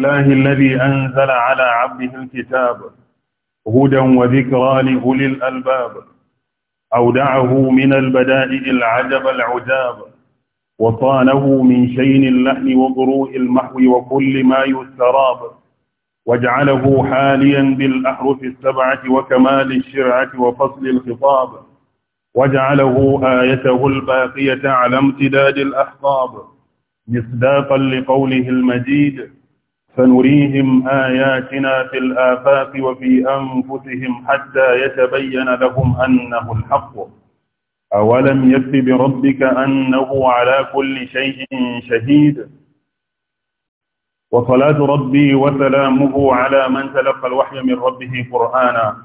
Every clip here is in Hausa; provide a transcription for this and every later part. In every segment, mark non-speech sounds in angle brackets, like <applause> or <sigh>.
الله الذي أنزل على عبده الكتاب هدى وذكرى لأولي الألباب أودعه من البدائل العجب العجاب وصانه من شين اللحن وضروء المحو وكل ما يستراب واجعله حاليا بالأحرف السبعة وكمال الشرعة وفصل الخطاب واجعله آيته الباقية على امتداد الأحقاب مصداقا لقوله المجيد فنريهم آياتنا في الآفاق وفي أنفسهم حتى يتبين لهم أنه الحق أولم يكف بربك أنه على كل شيء شهيد وصلاة ربي وسلامه على من تلقى الوحي من ربه قرآنا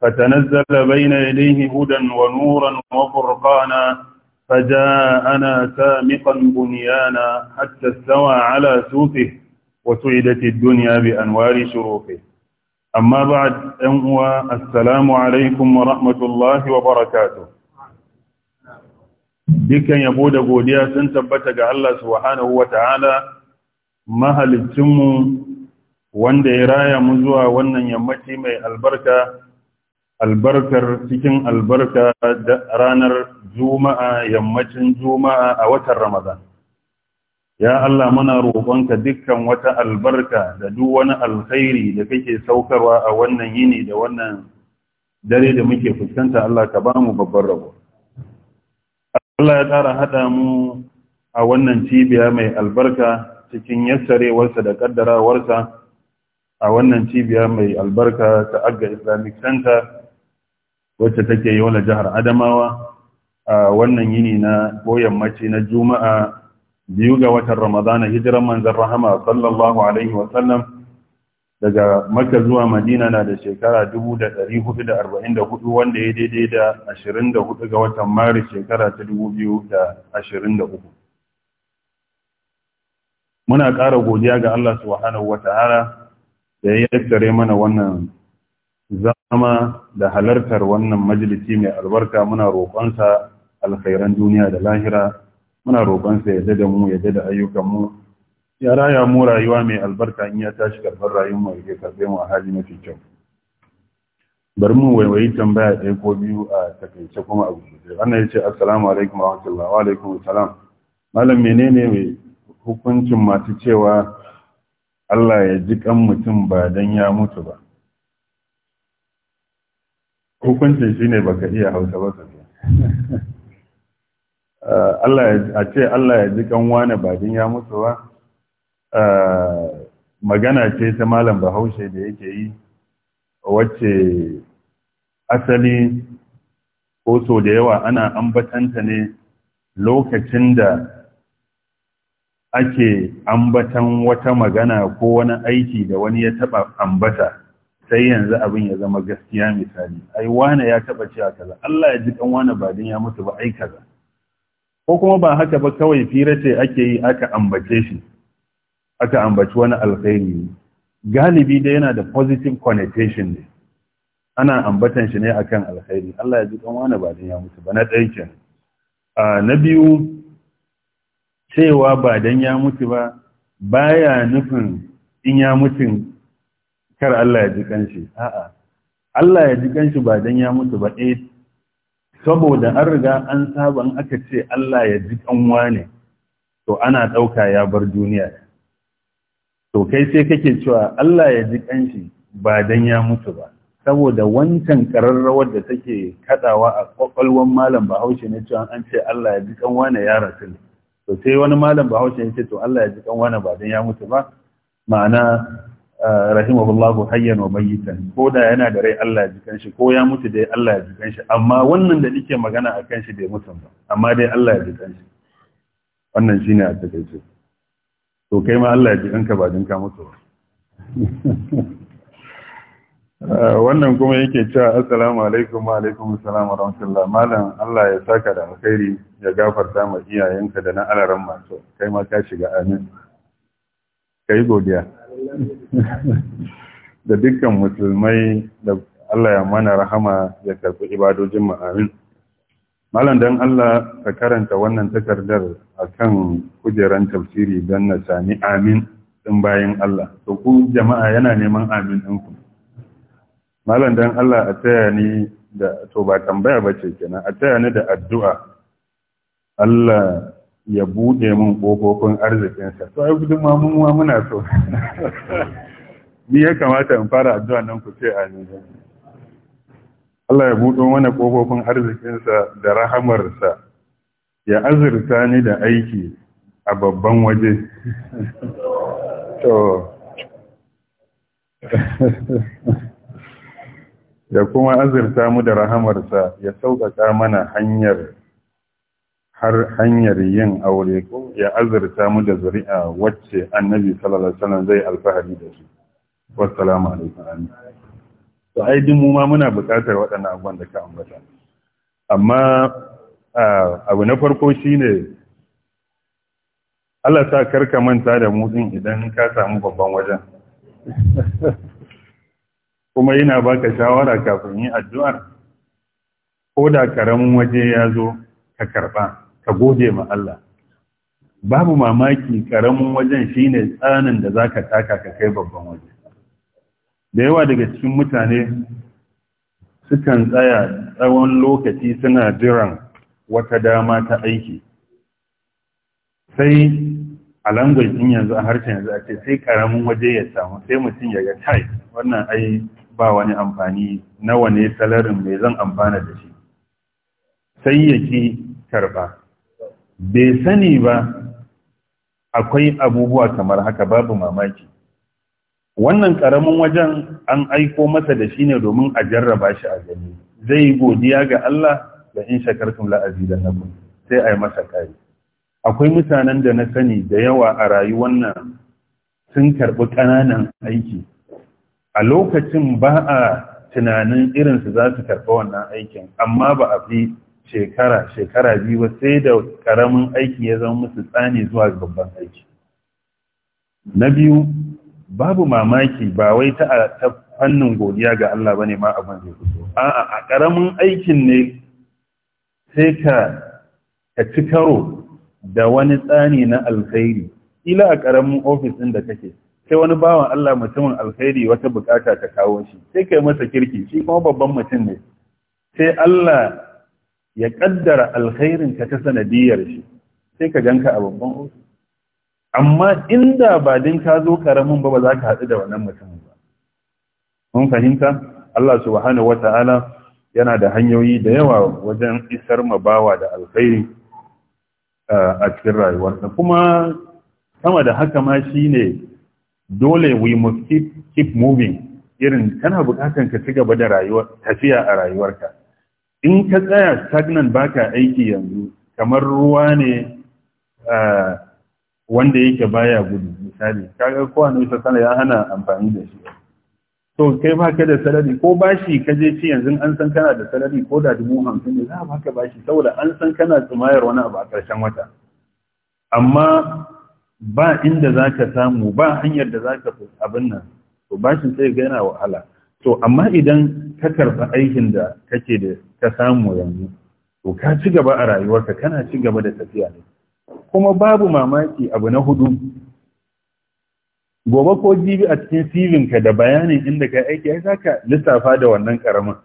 فتنزل بين يديه هدى ونورا وفرقانا فجاءنا سامقا بنيانا حتى استوى على سوقه وسعدت الدنيا بأنوار شروقه أما بعد أنوى السلام عليكم ورحمة الله وبركاته dukkan yabo da godiya sun tabbata ga Allah subhanahu wata'ala mahalicinmu wanda ya raya mu zuwa wannan yammaci mai albarka albarkar cikin albarka da ranar juma'a yammacin juma'a a watan ramadan ya Allah muna roƙonka dukkan wata albarka da duk wani alkhairi da kake saukarwa a wannan yini da wannan dare da muke fuskanta Allah ka bamu babban rabo Allah ya tsara hada mu a wannan cibiya mai albarka cikin yassarewarsa da kaddarawarsa a wannan cibiya mai albarka ta Agga Islamic Center wacce take yola jihar Adamawa a wannan yini na ko yammaci na Juma'a biyu ga watan ramadana hijiran manzan rahama sallallahu alaihi wasallam daga maka zuwa madina na da shekara 1444 wanda ya daidai da 24 ga watan maris shekara ta 2023 muna ƙara godiya ga Allah subhanahu Hara da ya yi yaddare mana wannan zama da halartar wannan majalisi mai albarka muna roƙonsa alkhairan duniya da lahira muna roƙon sa ya da mu ya da ayyukan mu ya raya mu rayuwa mai albarka in ya tashi karɓar rayuwar mu ya karɓe mu a hali mafi kyau bari mu waiwayi tambaya ɗaya ko biyu a takaice kuma a guje wannan ya ce assalamu alaikum wa rahmatullah wa alaikum salam malam menene mai hukuncin masu cewa Allah ya ji kan mutum ba dan ya mutu ba hukuncin shine baka iya hausa ba <laughs> Eh, Allah a ce Allah ya ji kan wane bajin ya mutu ba eh, magana ce ta malam bahaushe da yake yi wacce asali ko so da yawa ana ambatanta ne lokacin da ake ambatan wata magana ko wani aiki da wani ya taba ambata sai yanzu abin ya zama gaskiya misali ai wane ya taba cewa kaza Allah ya ji kan wane bajin ya mutu ba ai kaza ko kuma ba haka ba kawai fira ce ake yi aka ambace shi aka ambaci wani alkhairi galibi dai yana da positive connotation ne ana ambatan shi ne akan alkhairi Allah ya ji dan wani ba dan ya mutu ba na ɗaya A na biyu cewa ba dan ya mutu ba baya nufin in ya mutu kar Allah ya ji kanshi a'a Allah ya ji kanshi ba dan ya mutu ba eh saboda an riga an saba an aka ce Allah ya ji ƙanwane, ne to ana ɗauka ya bar duniya to kai sai kake cewa Allah ya ji kanshi ba dan ya mutu ba saboda wancan kararrawar da take kaɗawa a ƙwaƙwalwan malam bahaushe ne cewa an ce Allah ya ji kanwa ne ya rasu to sai wani malam bahaushe ne ce to Allah ya ji kanwa ne ba dan ya mutu ba ma'ana rahimahullahu hayyan wa mayyitan ko da yana da rai Allah ya jikan shi ko ya mutu dai Allah ya jikan shi amma wannan da nake magana akan shi bai mutu ba amma dai Allah ya jikan shi wannan shine a takeice to kai ma Allah ya jikan ka ba din mutu ba <laughs> wannan kuma yake cewa assalamu alaikum wa alaikum assalam wa rahmatullah malam Allah ya saka da alkhairi ya gafarta ma iyayenka da na alaran masu kai ma ka shiga amin kai godiya <laughs> da dukkan musulmai da Allah ya mana rahama ya karɓi ibadojin mu amin malam dan Allah ka karanta wannan takardar akan kujeran tafsiri don na sami amin din bayin Allah to ku jama'a yana neman amin din ku malam dan Allah a taya ni da to ba tambaya bace kenan a taya ni da addu'a Allah ya buɗe mun ƙofofin arzikinsa to ai gudun ma muna so <laughs> ni ya kamata in fara addu'a nan ku ce amin Allah ya buɗo mana ƙofofin arzikinsa da rahamarsa ya azurta ni da aiki a babban waje <laughs> to <laughs> ya kuma azurta mu da rahamarsa ya sauƙaƙa mana hanyar har hanyar yin aure ko ya azurta mu da zuri'a wacce annabi sallallahu alaihi wasallam zai alfahari da su wassalamu alaikum to ai din mu ma muna buƙatar waɗannan abubuwan da ka ambata amma abu na farko shine Allah sa karka manta da mu din idan ka samu babban wajen <laughs> kuma yana baka shawara kafin yin addu'ar ko da karamin waje ya zo ka karɓa ka gode ma Allah babu mamaki karamin wajen shine tsanin da zaka taka ka kai babban waje da yawa daga cikin mutane sukan tsaya tsawon lokaci suna jiran wata dama ta aiki sai a languajin yanzu a harshen yanzu a ce sai karamin waje ya samu sai mutum ya ga tai wannan ai ba wani amfani nawa ne salarin mai zan amfana da shi sai ya ki karba bai sani ba akwai abubuwa kamar haka babu mamaki wannan karamin wajen an aiko masa da shi ne domin a jarraba shi a gani zai godiya ga Allah da in shakartum la'azi da nakum sai a yi masa ƙari akwai mutanen da na sani da yawa a rayuwar nan sun karɓi ƙananan aiki a lokacin ba a tunanin irinsu za su karɓi wannan aikin amma ba a fi shekara shekara biyu sai da karamin aiki ya zama musu tsani zuwa babban aiki na biyu babu mamaki ba wai ta fannin godiya ga Allah bane ma abin zai fito a'a a karamin aikin ne sai ka ka ci karo da wani tsani na alkhairi ila a karamin ofis din da kake sai wani bawan Allah mutumin alkhairi wata bukata ta kawo shi sai kai masa kirki shi kuma babban mutum ne sai Allah ya ƙaddara alkhairin ka ta sanadiyar shi sai ka ganka a babban ofis amma inda ba din ka zo karamin ba ba za ka haɗu da wannan mutumin ba mun fahimta Allah subhanahu wataala yana da hanyoyi da yawa wajen isar ma bawa da alkhairi a cikin rayuwarsa kuma sama da haka ma shine dole we must keep, moving irin kana bukatan ka ci gaba da rayuwar tafiya a rayuwarka in ka tsaya stagnant ka aiki yanzu kamar ruwa ne wanda yake baya gudu misali kaga ne annabi sallallahu ya hana amfani da shi to kai ba ka da salari ko bashi ka je ci yanzu an san kana da salari ko da dubu hamsin ne za a baka bashi saboda an san kana tsumayar wani abu a ƙarshen wata amma ba inda zaka samu ba hanyar da zaka abin nan to bashin sai ga yana wahala to amma idan ka karɓi aikin da kake da ka samu yanzu to ka ci gaba a rayuwarka kana ci gaba da tafiya ne kuma babu mamaki abu na hudu gobe ko jibi a cikin cv ka da bayanin inda ka aiki ai ka lissafa da wannan karamin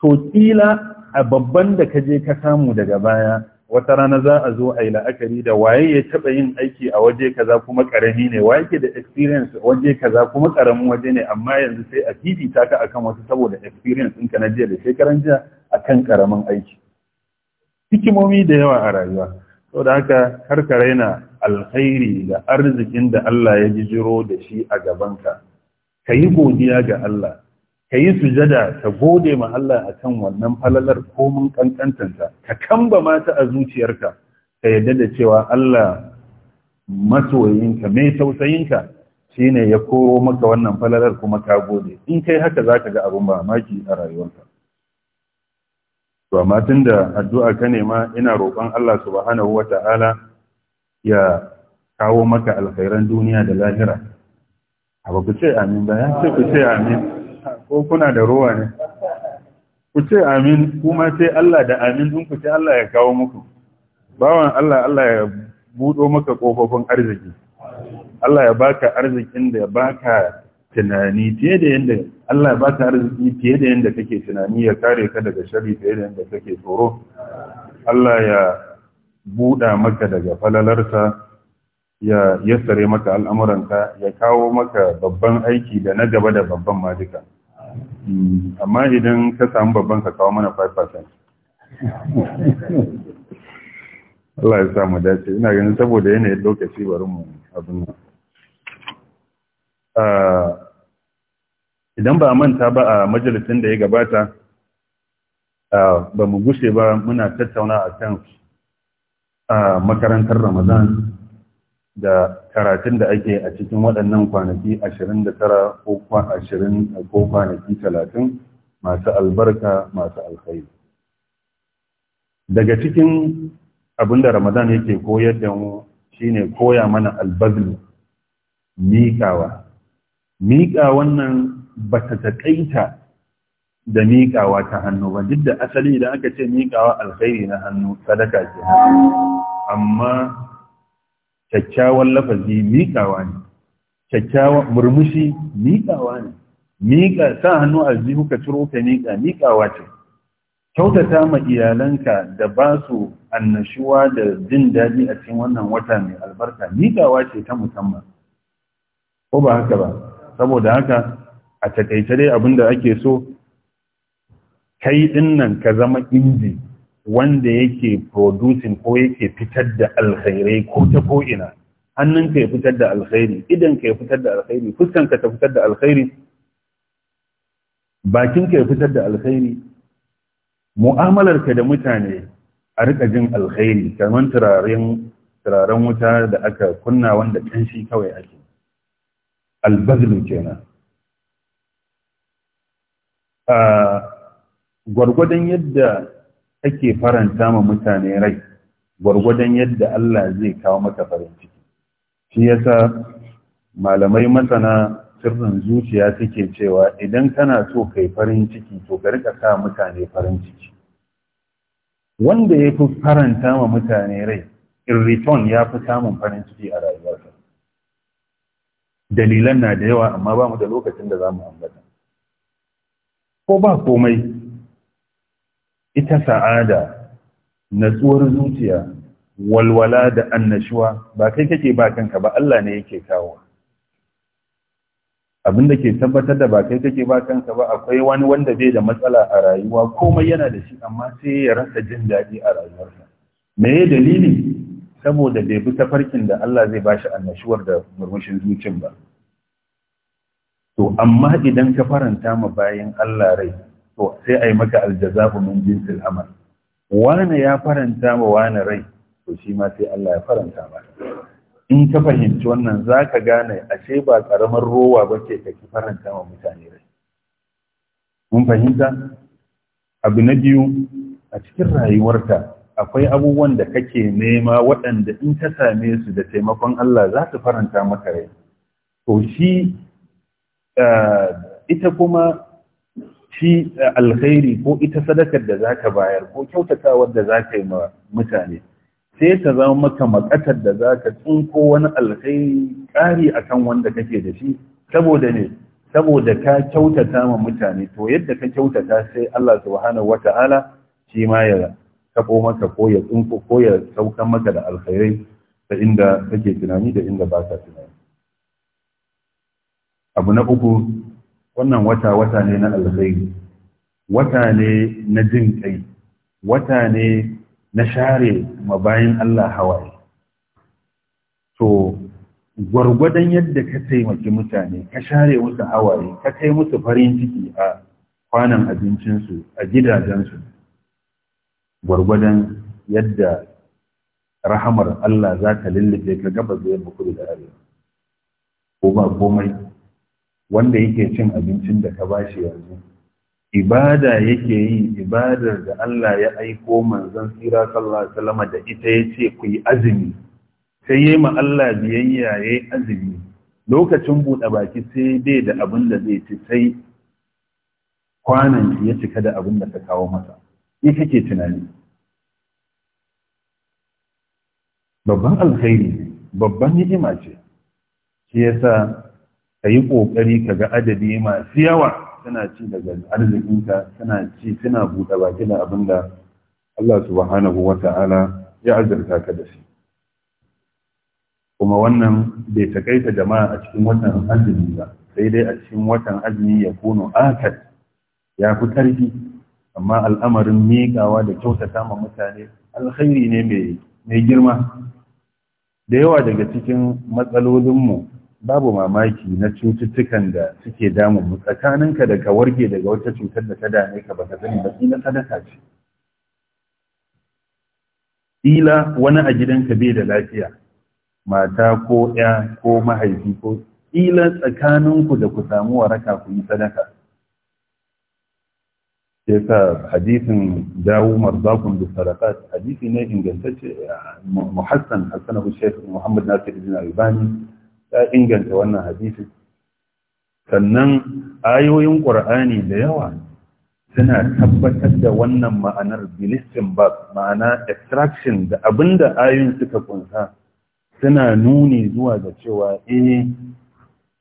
to kila a babban da ka je ka samu daga baya wata rana za a zo a yi la'akari da waye ya taɓa yin aiki a waje kaza kuma ƙarami ne waye ke da experience waje kaza kuma ƙaramin waje ne amma yanzu sai a fifita ka akan wasu saboda experience ɗinka na jiya da shekaran jiya a kan ƙaramin aiki hikimomi da yawa a rayuwa saboda haka kar ka raina alkhairi da arzikin da Allah ya jijiro da shi a gabanka ka yi godiya ga Allah ka yi sujada ta gode ma Allah a akan wannan falalar komin ƙanƙantanta ka kamba mata a zuciyarka ka yadda da cewa Allah masoyinka mai tausayinka shine ya koro maka wannan falalar kuma ka gode in kai haka za ka ga abun mamaki a rayuwarka to da addu'a ka nema ina roƙon Allah subhanahu ta'ala ya kawo maka alkhairan duniya da lahira abu ku ce amin ba ya ce ku ce amin ko kuna da ruwa ne ku ce amin kuma sai Allah da amin din ku ce Allah ya kawo muku bawan Allah Allah ya budo maka kofofin arziki Allah ya baka arzikin da ya baka tunani fiye da yanda Allah ya baka arziki fiye da yanda kake tunani ya kare ka daga sharri fiye da yanda kake tsoro Allah ya buda maka daga falalarsa ya yassare maka al'amuranka ya kawo maka babban aiki da na gaba da babban majika amma idan ka samu babban ka kawo mana 5% Allah ya samu dace ina ganin saboda yanayin lokaci bari mu abin nan ah, idan ba manta ba a majalisin da ya gabata ah, ba mu gushe ba muna tattauna a kan ah, makarantar Ramadan da karatun da ake a cikin waɗannan kwanaki 29 ko kwanaki 30 masu albarka masu alkhairi daga cikin abin da ramadan yake koyar da mu shine koya mana albazlu miƙawa miƙa wannan ba ta taƙaita da miƙawa ta hannu ba duk da asali idan aka ce miƙawa alkhairi na hannu sadaka ke hannu amma kyakkyawan lafazi miƙawa ne kyakkyawan murmushi miƙawa ne miƙa sa hannu a jihu ka ciro ka miƙa miƙawa ce kyautata ma iyalanka da ba su annashuwa da jin daɗi a cikin wannan wata mai albarka miƙawa ce ta musamman ko ba haka ba saboda haka a takaice dai abin da ake so kai ɗin ka zama inji wanda yake producing ko yake fitar da alkhairai ko ta ko ina hannunka ya fitar da alkhairi ka ya fitar da alkhairi fuskanka ta fitar da alkhairi bakinka ya fitar da alkhairi mu'amalarka da mutane a rika jin alkhairi kamar turaren turaren wuta da aka kunna wanda kanshi kawai ake albazlu kenan a ah, gwargwadon yadda take faranta ma mutane rai gwargwadon yadda Allah zai kawo maka farin ciki shi yasa malamai masana sirrin zuciya suke cewa idan kana so kai farin ciki to ka rika sa mutane farin ciki wanda ya fi faranta ma mutane rai in return ya fi samun farin ciki a rayuwarsa dalilan na da yawa amma ba mu da lokacin da za mu ambata ko ba komai ita sa'ada natsuwar zuciya walwala da annashuwa ba kai kake ba kanka ba Allah ne yake kawo abinda ke tabbatar da ba kai kake ba kanka ba akwai wani wanda bai da matsala a rayuwa komai yana da shi amma sai ya rasa jin daɗi a rayuwarsa me ya dalili saboda bai bi tafarkin da Allah zai bashi annashuwar da murmushin zucin ba to amma idan ka faranta ma bayan Allah rai to sai a yi maka aljazafu min jinsil amal wani ya faranta ma wani rai to shi ma sai Allah ya faranta ba in ka fahimci wannan za ka gane ashe ba karamar rowa ba ce ka ki faranta ma mutane rai mun fahimta abu na biyu a cikin rayuwarka akwai abubuwan da kake nema waɗanda in ka same su da taimakon Allah za su faranta maka rai to shi eh, ita kuma shi eh, alkhairi ko ita sadakar da za ka bayar ko kyautatawa da za ka yi ma mutane sai ta zama maka makatar da za ka tsinko wani alkhairi ƙari a kan wanda kake da shi saboda ne saboda ka kyautata ma mutane to yadda ka kyautata sai Allah subhanahu wata'ala shi ma ya tabo maka ko ya tsinko ko ya saukan maka da alkhairai da inda kake tunani da inda ba ka tunani abu na uku wannan wata wata ne na alkhairi wata ne na jin kai wata ne na share mabayin Allah hawaye to gwargwadon yadda ka taimaki mutane ka share musu hawaye ka kai musu farin ciki a kwanan abincinsu a gidajensu gwargwadon yadda rahamar Allah za ta lullufe ka gaba zai buku da arewa ko ba komai wanda yake cin abincin da ka ba shi yanzu ibada yake yi ibadar da Allah ya aiko manzon tsira sallallahu alaihi wasallam da ita yace ku yi azumi sai yayi ma Allah biyayya yayi azumi lokacin buɗe baki sai bai da abin da zai ci sai kwanan ya cika da abin da ka kawo masa ni kake tunani babban alkhairi babban ni'ima ce shi yasa ka yi ƙoƙari ka ga adadi masu yawa suna ci daga arzikinka suna ci suna buɗe baki da abin da Allah subhanahu wa ta'ala ya azurta ka da shi kuma wannan bai taƙaita jama'a a cikin watan azumi ba sai dai a cikin watan azumi ya kono akad ya fi ƙarfi amma al'amarin miƙawa da kyautata ma mutane alkhairi ne mai girma da yawa daga cikin matsalolinmu babu mamaki na cututtukan da suke damun mu tsakaninka da ka warge daga wata cutar da ta dame ka baka sani ba ina sadaka ce ila wani a gidanka bai da lafiya mata ko ya ko mahaifi ko ila tsakaninku da ku samu waraka ku yi sadaka yasa hadisin dawo marzakun da sadaqat hadisi ne ingantacce muhassan hasanahu shaykh muhammad nasir ibn albani ya inganta wannan hadisi sannan ayoyin ƙur'ani da yawa suna tabbatar da wannan ma'anar bilistin ba ma'ana extraction da abinda ayoyin suka kunsa suna nuni zuwa ga cewa eh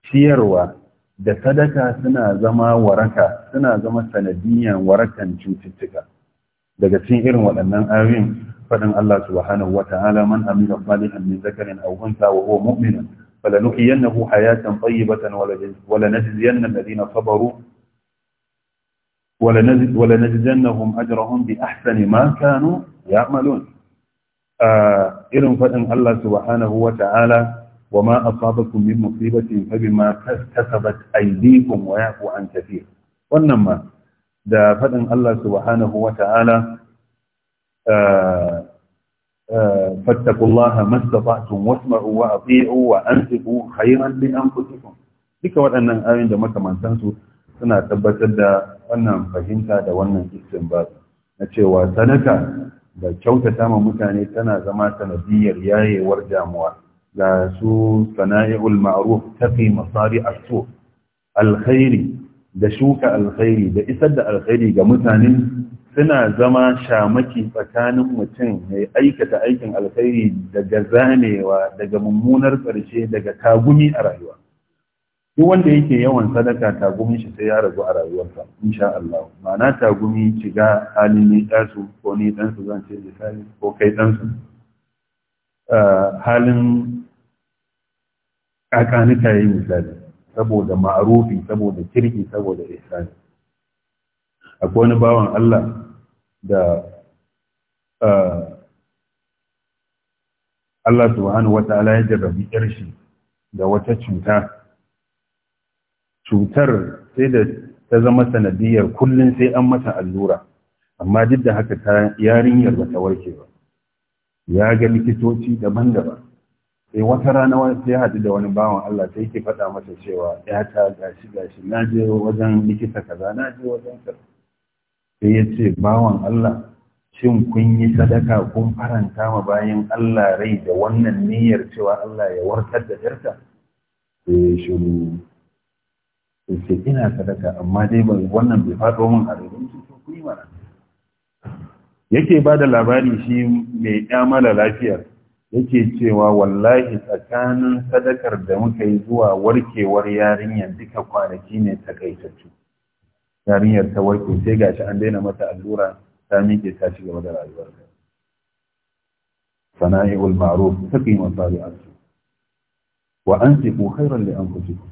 ciyarwa da sadaka suna zama waraka suna zama sanadiyan warakan cututtuka daga cikin irin waɗannan ayoyin faɗin Allah subhanahu wata'ala man amila salihan min zakarin aw unsa wa huwa mu'minun فلنحيينه حياة طيبة ولنجزين الذين صبروا ولنجزنهم أجرهم بأحسن ما كانوا يعملون إذن آه، فإن الله سبحانه وتعالى وما أصابكم من مصيبة فبما كسبت أيديكم ويعفو عن كثير وإنما ده فإن الله سبحانه وتعالى آه فاتقوا الله ما استطعتم واسمعوا واطيعوا وانفقوا خيرا لانفسكم duka waɗannan ayoyin da makamantansu suna tabbatar da wannan fahimta da wannan istinbat na cewa sadaka da kyautata ma mutane tana zama sanadiyar yayewar damuwa ga su sana'i'ul ma'ruf taqi masari as-su alkhairi da shuka alkhairi da isar da alkhairi ga mutane suna zama shamaki tsakanin mutum mai aikata aikin alkhairi daga zanewa daga mummunar ƙarshe daga tagumi a rayuwa duk wanda yake yawan sadaka tagumin shi sai ya ragu a rayuwarsa insha Allah ma'ana tagumi shiga halin ni ɗansu ko ni ɗansu zan ce misali ko kai ɗansu halin ƙaƙanika yi misali saboda ma'arufi saboda kirki saboda ihsani akwai wani bawan Allah da Allah subhanahu wa ta'ala ya jarrabi irshi da wata cuta cutar sai da ta zama sanadiyar kullum sai an mata allura amma duk da haka ta yarinyar ba ta warke ba ya ga likitoci daban-daban sai wata rana wani sai haɗu da wani bawan Allah sai yake faɗa masa cewa ya ta gashi gashi na je wajen likita kaza na je wajen kaza sai ya ce bawan Allah shin kun yi sadaka kun faranta ma bayan Allah rai da wannan niyyar cewa Allah ya warkar da jarta sai ya shiru sai ce ina sadaka amma dai ba wannan bai faɗo min a rai to ku yi mana yake ba da labari shi mai mara lafiyar yake cewa wallahi tsakanin sadakar da muka yi zuwa warkewar yarinyar duka kwanaki ne takaitattu yarinyar ta warke sai gashi an daina mata allura ta miƙe ta ci gaba da rayuwar ta sana'i'ul ma'ruf a su. wa anfiqu khairan li anfusikum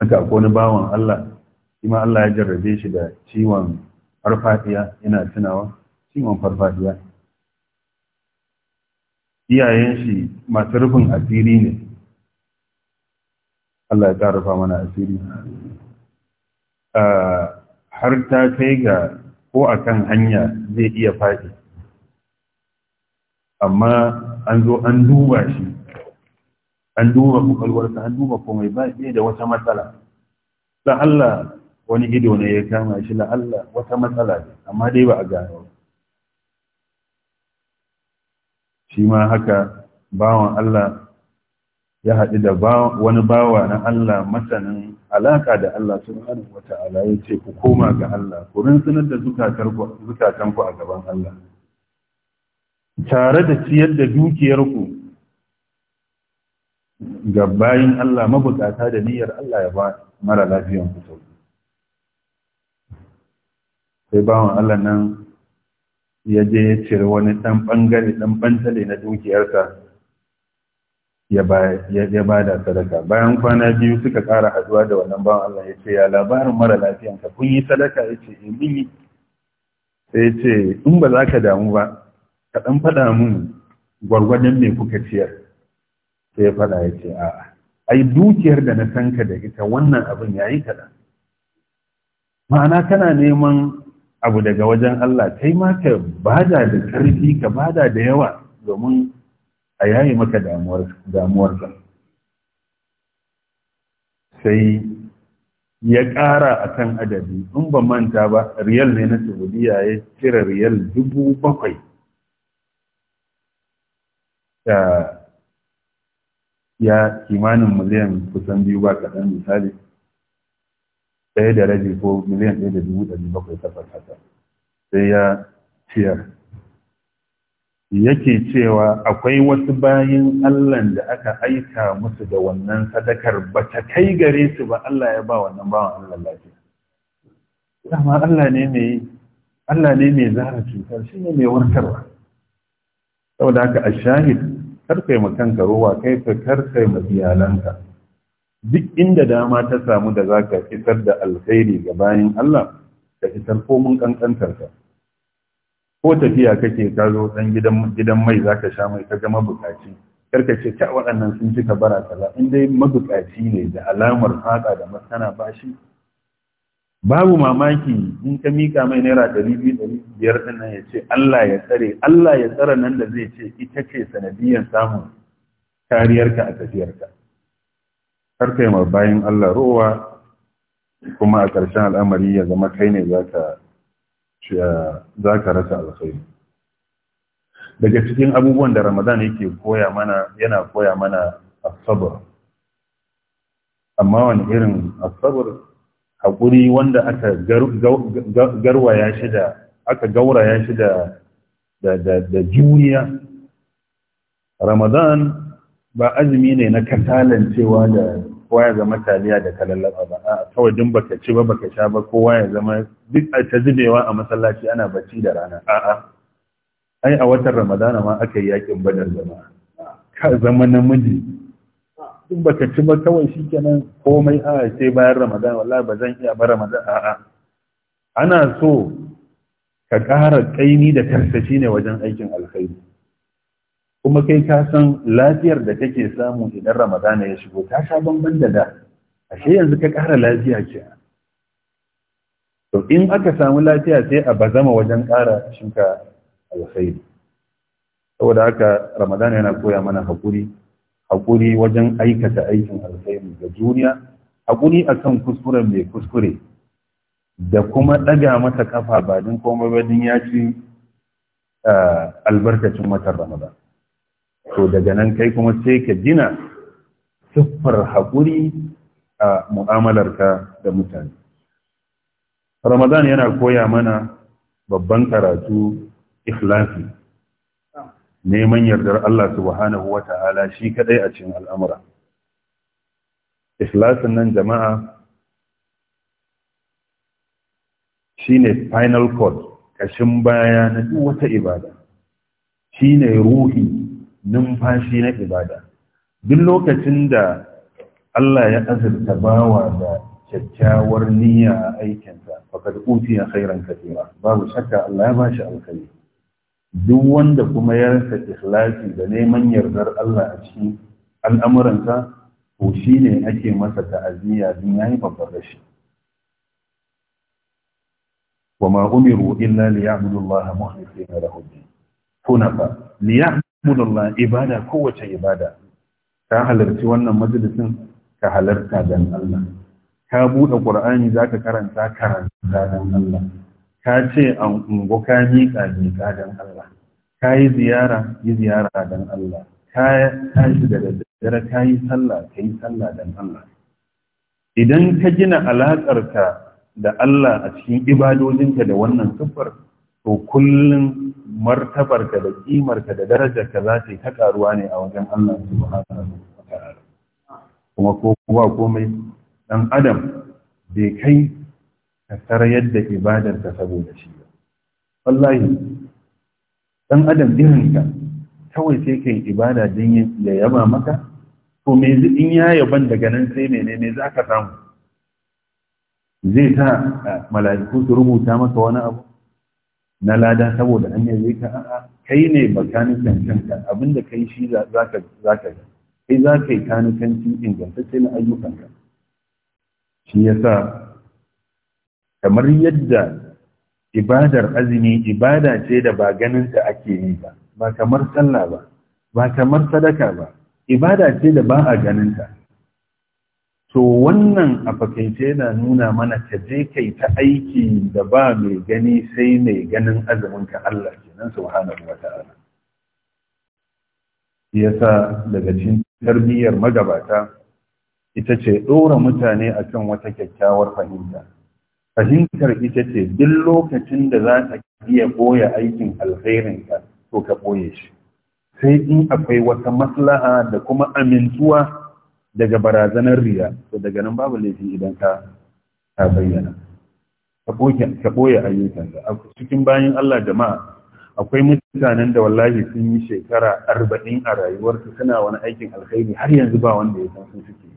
haka ko wani bawan Allah shi ma Allah ya jarrabe shi da ciwon farfadiya ina tunawa ciwon farfadiya iyayen shi masu rufin asiri ne Allah ya karfa mana asiri har ta kai ga ko a kan hanya zai iya faɗi amma an zo an duba shi an duba kwakwalwarsa an duba komai ba ɗaya da wata matsala Allah wani ido ne ya kama shi Allah wata matsala ne amma dai ba a gano shi ma haka bawan Allah ya haɗu da wani bawa na Allah masanin alaka da Allah subhanahu wata'ala ya ce ku koma ga Allah ku rintsunar da zukatanku a gaban Allah tare da ciyar da dukiyarku ga bayin Allah mabukata da niyyar Allah ya ba mara lafiyan ku sauki sai bawan Allah nan ya je ya cire wani ɗan ɓangare ɗan ɓantale na dukiyarsa ya ba da sadaka bayan kwana biyu suka kara haduwa da wannan bawan Allah ya ce ya labarin mara lafiyanka kun yi sadaka ya ce in eh, yi sai ya ce in ba za ka damu ba ka ɗan faɗa mun gwargwadon mai kuka ciyar sai ya faɗa ya ce a'a ai dukiyar da na sanka da ita wannan abin ya yi kaɗan ma'ana kana neman abu daga wajen Allah kai ma ka bada da ƙarfi ka bada da yawa domin a yayi maka damuwarka sai ya ƙara a kan adadi in ba manta ba riyal ne na saudiya ya cire riyal dubu bakwai ya kimanin miliyan kusan biyu ba kaɗan misali ɗaya da rabi ko miliyan ɗaya da dubu ɗari bakwai ta haka sai ya ciyar yake cewa akwai wasu bayan Allah da aka aika musu da wannan sadakar ba ta kai gare su ba Allah ya ba wannan bawan Allah lafiya. Dama Allah ne mai Allah ne mai zara cutar shi ne mai warkarwa. Saboda haka a shahid karkai ma kanka ruwa kai ka karfe ma iyalanka. Duk inda dama ta samu da zaka isar da alkhairi ga bayan Allah ka isar komun kankantarka. ko tafiya kake ka zo dan gidan mai za ka sha mai ka gama mabukaci karka ce ta waɗannan sun cika bara kaza in dai mabukaci ne da alamar haka da masana bashi babu mamaki in ka mika mai naira ɗari biyu ɗari biyar ɗin nan ya ce Allah ya tsare Allah ya tsare nan da zai ce ita ce sanadiyyar samun kariyarka a tafiyarka karka yi ma bayan Allah ruwa, kuma a ƙarshen al'amari ya zama kai ne za ka za ka rasa alkhairi daga cikin abubuwan da ramadan yake koya mana yana koya mana asabar amma wani irin asabar haƙuri wanda aka garwaya shi da aka gauraya shi da da juriya ramadan ba azumi ne na katalancewa da koya ga mataliya da kalallaba ba a kawai din baka ci ba baka sha ba kowa ya zama duk a ta zubewa a masallaci ana bacci da rana a'a ai a watan ramadana ma aka yi yakin badar zama. ka zama namiji duk baka ci ba kawai shikenan komai a sai bayan ramadan wallahi ba zan iya ba ramadan a'a ana so ka ƙara ƙaimi da karsashi ne wajen aikin alkhairi kuma kai ka san lafiyar da kake samu idan ramadana ya shigo ta sha bamban da da ashe yanzu ka ƙara lafiya ke to in aka samu lafiya sai a bazama wajen ƙara shinka alkhairi saboda haka ramadan yana koya mana hakuri. Hakuri wajen aikata aikin alkhairi ga juriya haƙuri akan kuskuren mai kuskure da kuma ɗaga mata kafa ba din komai ba din ya ci albarkacin watan ramadan to daga nan kai kuma sai ka gina siffar haƙuri a mu'amalarka da mutane ramadan yana koya mana babban karatu ikhlasi neman yardar Allah subhanahu wa ta'ala shi kadai a cikin al'amura ikhlasin nan jama'a shine final code kashin baya na duk wata ibada Shi ne ruhi numfashi na ibada duk lokacin da Allah ya azurta bawa da kyakkyawar niyya a aikinsa faqad utiya khairan katira babu shakka Allah ya bashi alkhairi duk wanda kuma ya rasa ikhlasi da neman yardar Allah a cikin al'amuransa ko shi ne ake masa ta'aziyya don ya yi babbar rashi وما أمروا إلا ليعبدوا الله مخلصين له الدين هنا ليعبدوا الله Ibada, kowace ibada. ta halarci wannan majalisin ka halarta dan Allah ka buɗe Qur'ani zaka karanta karanta dan Allah ka ce an ungo ka miƙa miƙa dan Allah ka yi ziyara yi ziyara dan Allah ka tashi da daddare ka yi sallah ka yi sallah dan Allah idan ka gina alaƙarka da Allah a cikin ibadojinka da wannan siffar to kullum martabarka da ƙimarka da darajarka za ta yi ta ƙaruwa ne a wajen Allah subhanahu wa ta'ala kuma ko ba komai dan adam bai kai ka tarayar da ibadarka saboda shi ba wallahi dan adam irinka kawai sai kai ibada din ya yaba maka to me in ya yaban daga nan sai menene za ka samu zai ta mala'iku su rubuta maka wani abu na lada saboda an zai ka a'a kai ne bakanin kankanka. abinda kai shi za ka za kai za ka yi kanikancin ingantacce na ayyukanka shi ya sa kamar yadda ibadar azumi ibada ce da ba ganinta ake yi ba ba kamar sallah ba ba kamar sadaka ba ibada ce da ba a ganinta to wannan a fakaice yana nuna mana ka je kai ta aiki da ba mai gani sai mai ganin azumin ka Allah kenan subhanahu ta'ala yasa daga cikin tarbiyyar magabata ita ce ɗora mutane a kan wata kyakkyawar fahimta. Fahimtar ita ce duk lokacin da za ta iya ɓoye aikin alherinka, to ka ɓoye shi. Sai in akwai wata maslaha da kuma amintuwa daga barazanar riya, to daga nan babu laifi idan ka bayyana. Ka ɓoye ayyukanka. A cikin bayan Allah jama'a akwai mutanen da wallahi sun yi shekara arba'in a rayuwarsu suna wani aikin alkhairi har yanzu ba wanda ya san su suke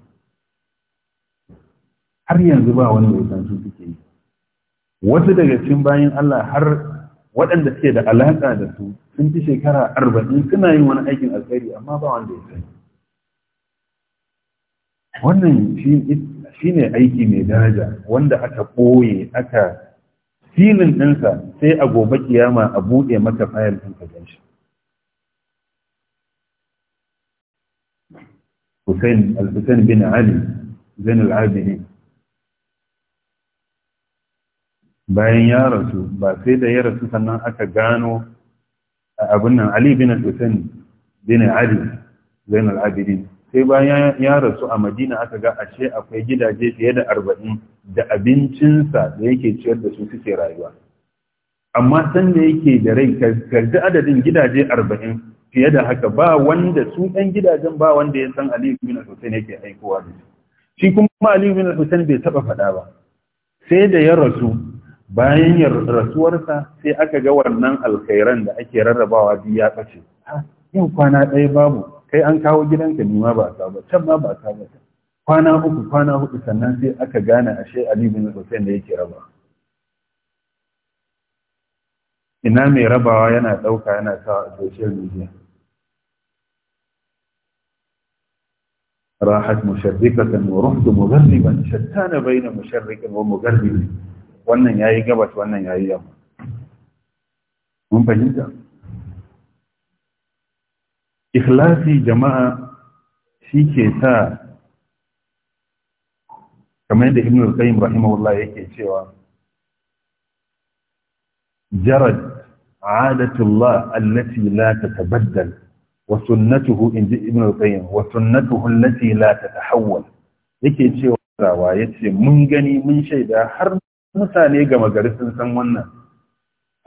har yanzu ba wanda ya san su suke yi wasu daga cikin bayan Allah har waɗanda suke da alaƙa da su sun fi shekara arba'in suna yin wani aikin alkhairi amma ba wanda ya san wannan shi ne aiki mai daraja wanda aka ɓoye aka filin ɗinsa sai a gobe kiyama a buɗe maka fayil ɗin ka gan shi Hussein al-Hussein bin Ali zan al-Abidin bayan ya rasu ba sai da ya rasu sannan aka gano a abin nan Ali bin al-Hussein bin Ali zan al-Abidin sai bayan ya rasu a Madina aka ga ashe akwai gidaje fiye da arba'in da abincinsa da yake ciyar da su suke rayuwa amma san da yake da rai karji adadin gidaje arba'in fiye da haka ba wanda su ɗan gidajen ba wanda ya san aliyu bin al-hussein yake aikowa da su shi kuma aliyu bin al-hussein bai taɓa faɗa ba sai da ya rasu bayan ya rasuwarsa sai aka ga wannan alkhairan da ake rarrabawa biyu ya ɓace ah, yau kwana ɗaya babu kai an kawo gidanka nima ba a ba can ma ba a ba kwana uku kwana hudu sannan sai aka gane ashe Ali bin Hussein da yake raba ina mai rabawa yana dauka yana sa a social media راحت مشرقة ورحت مغربا شتان musharrika مشرق ومغرب wannan yayi gabas wannan yayi yamma mun fahimta ikhlasi jama'a shi ke sa kamar yadda ibn al-qayyim rahimahullah yake cewa jarad adatullah allati la tatabaddal wa sunnatuhu inji ibn al-qayyim wa sunnatuhu allati la tatahawwal yake cewa rawa yace mun gani mun shaida har mutane gama gari sun san wannan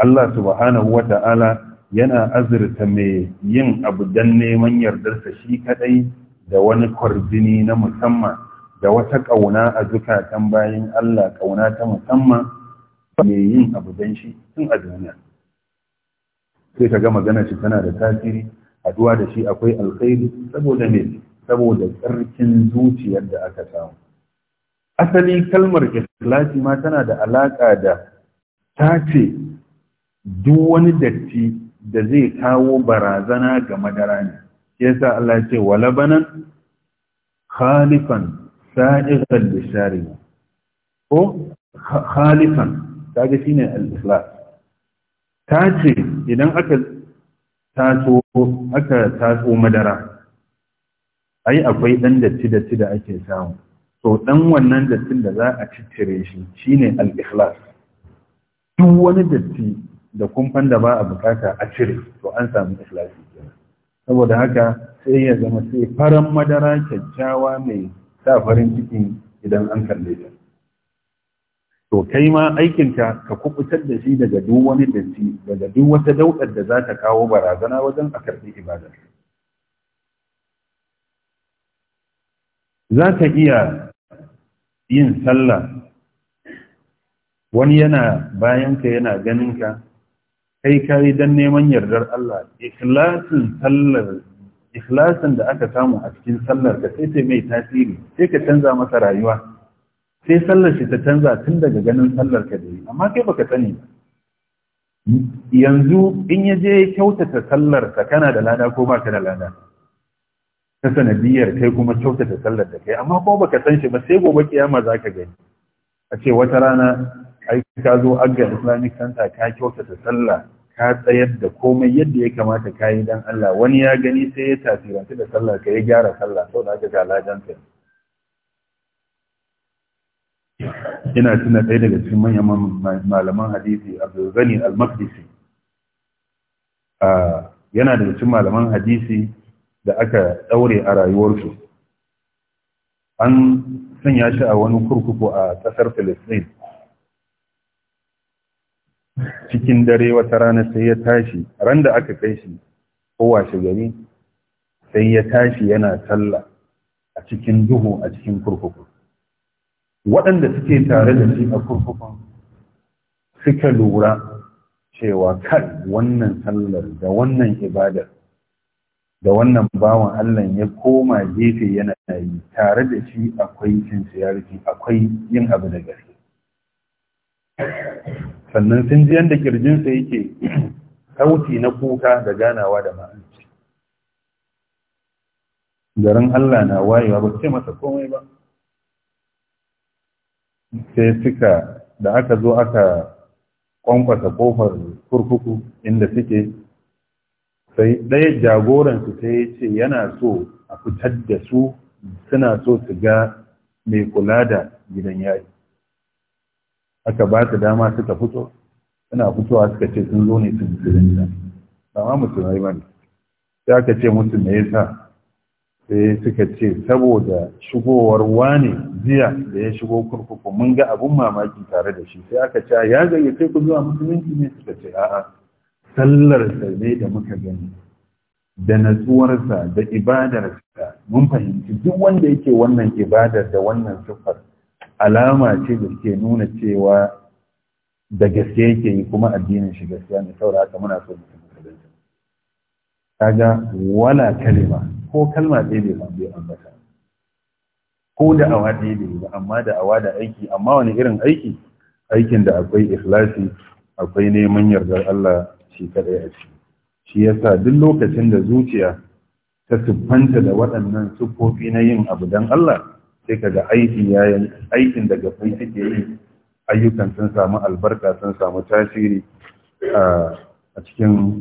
Allah subhanahu wata'ala yana azurta mai yin abu dan neman yardarsa shi kadai da wani kwarjini na musamman da wata ƙauna a zukatan bayan Allah ƙauna ta musamman mai yin abu don shi tun a duniya sai ka gama gana shi tana da tasiri haduwa da shi akwai alkhairi saboda ne saboda tsarkin zuciyar da aka samu asali kalmar ikhlasi ma tana da alaƙa da ta ce duk wani datti da zai kawo barazana ga madara ne yasa Allah ce ce labanan khalifan sa'iqan da shari ko khalifan kaga shine al-ikhlas ta ce idan aka taso aka taso madara ai akwai ɗan datti datti da ake samu to ɗan wannan dattin da za a cicire shi shine al-ikhlas duk wani datti da kumfan da ba a bukata a cire to an samu ikhlasi saboda haka sai ya zama sai faran madara kyakkyawa mai ta farin ciki idan an kalle ta to kai ma aikin ka kubutar da shi daga duk wani danci daga duk wata dauɗar da za ta kawo barazana wajen a karɓi ibadar za ka iya yin sallah wani yana bayanka yana ganinka kai kayi don neman yardar Allah ikhlasin sallar ikhlasin da aka samu a cikin sallar ka sai sai mai tasiri sai ka canza masa rayuwa sai sallar shi ta canza tun daga ganin sallar ka da yi amma kai baka sani ba yanzu in ya je kyautata sallar ka kana da lada ko baka da lada ta sanadiyar kai kuma kyautata sallar da kai amma ko baka san shi ba sai gobe kiyama za ka gani a ce wata rana ai ka zo agga islamic center ka kyautata sallar ka tsayar da komai yadda ya kamata ka yi don Allah wani ya gani sai ya tasirantu da sallar ka ya gyara sallah sau da aka ga ka ina tuna ɗaya daga cikin manyan malaman hadisi abdulgani al-maqdisi yana daga cikin malaman hadisi da aka ɗaure a rayuwarsu an sanya shi a wani kurkuku a ƙasar Filistin cikin dare wata rana sai ya tashi ran da aka kai shi ko gari sai ya tashi yana sallah a cikin duhu a cikin kurkuku waɗanda suke tare da shi a kurkukun suka lura cewa kan wannan sallar da wannan ibadar da wannan bawan Allah ya koma gefe yana yi tare da shi akwai siyarci akwai yin abu da gaske sannan sun ji yadda kirjinsa yake sauti na kuka da ganawa da ma'anci garin Allah na wayewa ba ce masa komai ba sai suka da aka zo aka kwamfasa kofar kurkuku inda suke sai ɗaya jagoransu sai yi ce yana so a fitar da su suna so su ga mai kula da gidan yayi aka ba ta dama suka fito suna fitowa suka ce sun zo ne su musulunta ba Amma musulmai ai ne sai aka ce mutum me yasa sai suka ce saboda shigowar wani jiya da ya shigo kurkuku mun ga abun mamaki tare da shi sai aka ce ya sai ku zuwa musulunci ne suka ce a'a sallar sa ne da muka gani da natsuwarsa da ibadarsa mun fahimci duk wanda yake wannan ibadar da wannan sifar alama ce da suke nuna cewa da gaske yake yi kuma addinin shi gaskiya ne saboda haka muna so da shi kaga wala kalima ko kalma ɗaya bai ma bai ambata ko da awa ɗaya bai ba amma da awa da aiki amma wani irin aiki aikin da akwai ikhlasi akwai neman yardar Allah shi kadai a ciki shi yasa duk lokacin da zuciya ta siffanta da waɗannan siffofi na yin abu don Allah sai ga aikin yayin aikin da gafai suke yi ayyukan sun samu albarka sun samu tasiri a cikin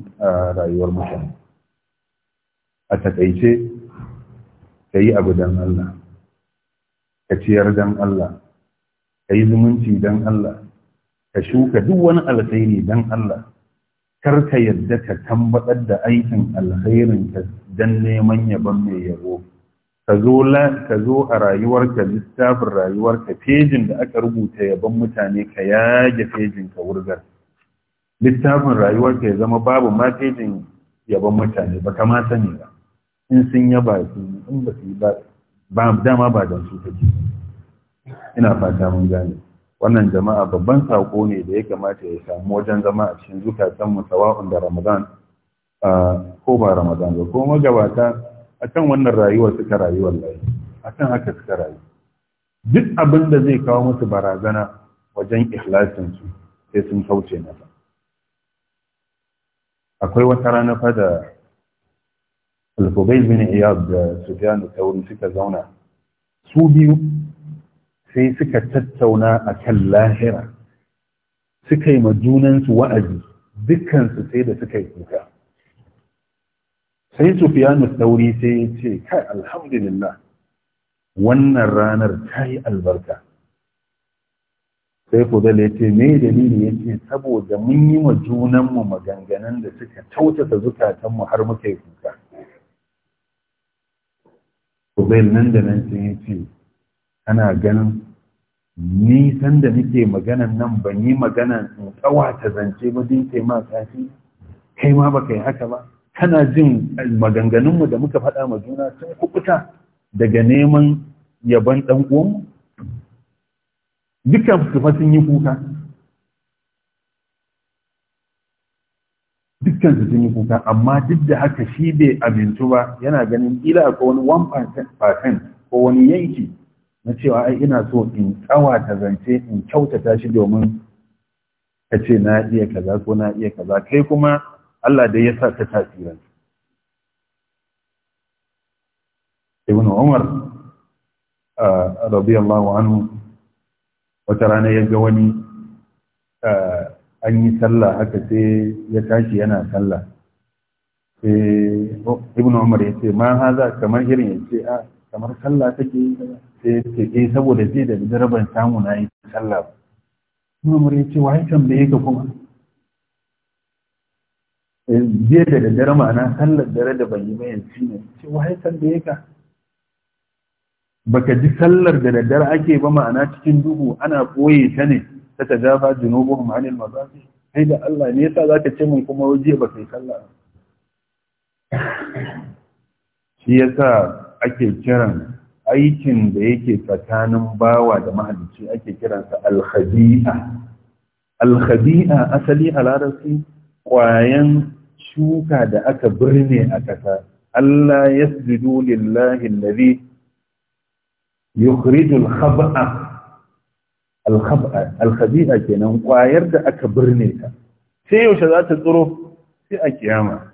rayuwar mutane a takaice ka yi abu don Allah ka ciyar don Allah ka yi zumunci don Allah ka shuka duk wani alkhairi don Allah kar ka yadda ka tambaɗar da aikin alkhairin ka don neman yabon mai yabo ka zo ka zo a rayuwarka littafin rayuwarka fejin da aka rubuta yaban mutane ka yage fejin ka wurgar littafin rayuwarka ya zama babu ma fejin yaban mutane ba kama sani ba in sun yaba su in ba su yi ba dama ba don su take ina fata mun gane wannan jama'a babban sako ne da ya kamata ya samu wajen zama a cikin zukatan mu sawa'un da Ramadan ko ba Ramadan ba ko magabata a kan wannan rayuwar suka rayu wallahi a kan haka suka rayu duk abin da zai kawo musu barazana wajen ikhlasinsu sai sun kauce masa akwai wata rana fa da alfubai bin iyab da sufyan sauri suka zauna su biyu sai suka tattauna a kan lahira suka yi ma junansu wa'azi dukkansu sai da suka yi kuka sai sufiyanu sauri sai ya ce kai alhamdulillah wannan ranar ta yi albarka sai fudal ya ce me dalili ya ce saboda mun yi wa junanmu maganganun da suka tautata zukatanmu har muka yi kuka fudal nan da nan sai ya ce ana ganin nisan da nake maganan nan ban yi magana in tsawata zance ba din kai ma kafi kai ma baka yi haka ba kana jin maganganunmu da muka faɗa ma juna sun kubuta daga neman yaban ɗan uwanmu dukkan su sun yi kuka dukkan su sun yi kuka amma duk da haka shi bai amintu ba yana ganin ila ko wani 1% ko wani yanki na cewa ai ina so in tsawata zance in kyautata shi domin ka ce na iya kaza ko na iya kaza kai kuma Allah dai ya sa ta tasirin ibn umar wa hannu wata rana ya ga wani an yi sallah haka sai ya tashi yana sallah ibn umar ya ce ma haza kamar irin ya ce a ah, kamar sallah take sai ce E saboda sai da jaraban samu na yi sallah Ibn umar ya ce wa ya tambaye ka kuma je da daddare ma'ana sallar dare da ban yi bayan shi ne ce wahai tambaye ka baka ji sallar da daddare ake ba ma'ana cikin duhu ana koye ta ne ta ta jafa junubuhum anil mazafi sai da Allah ne yasa zaka ce mun kuma waje ba kai sallah shi yasa ake kiran aikin da yake tsakanin bawa da mahalicci ake kiransa al-khabi'a al-khabi'a asali a larabci ƙwayan shuka da aka birne a ƙasa Allah ya sujudu lillahi lari yukhrijul khaba'a kenan ƙwayar da aka birne ta sai yaushe za ta tsoro sai a kiyama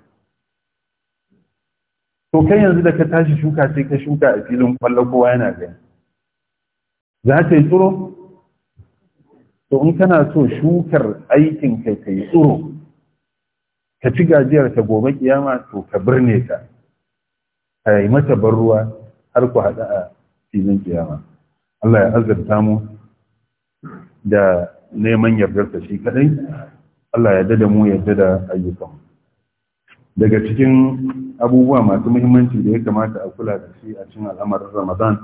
to kai yanzu da ka tashi shuka sai ka shuka a filin kwallo kowa yana gani za ta yi tsiro to in kana so shukar aikin kai ka yi tsiro ka ci gajiyarta gobe kiyama to ka birne ta ka mata ban ruwa har ku haɗa a filin kiyama Allah ya azurta mu da neman yardarta shi kadai Allah ya dada mu yadda da ayyukan daga cikin abubuwa masu muhimmanci da ya kamata a kula da shi a cikin al'amarin Ramadan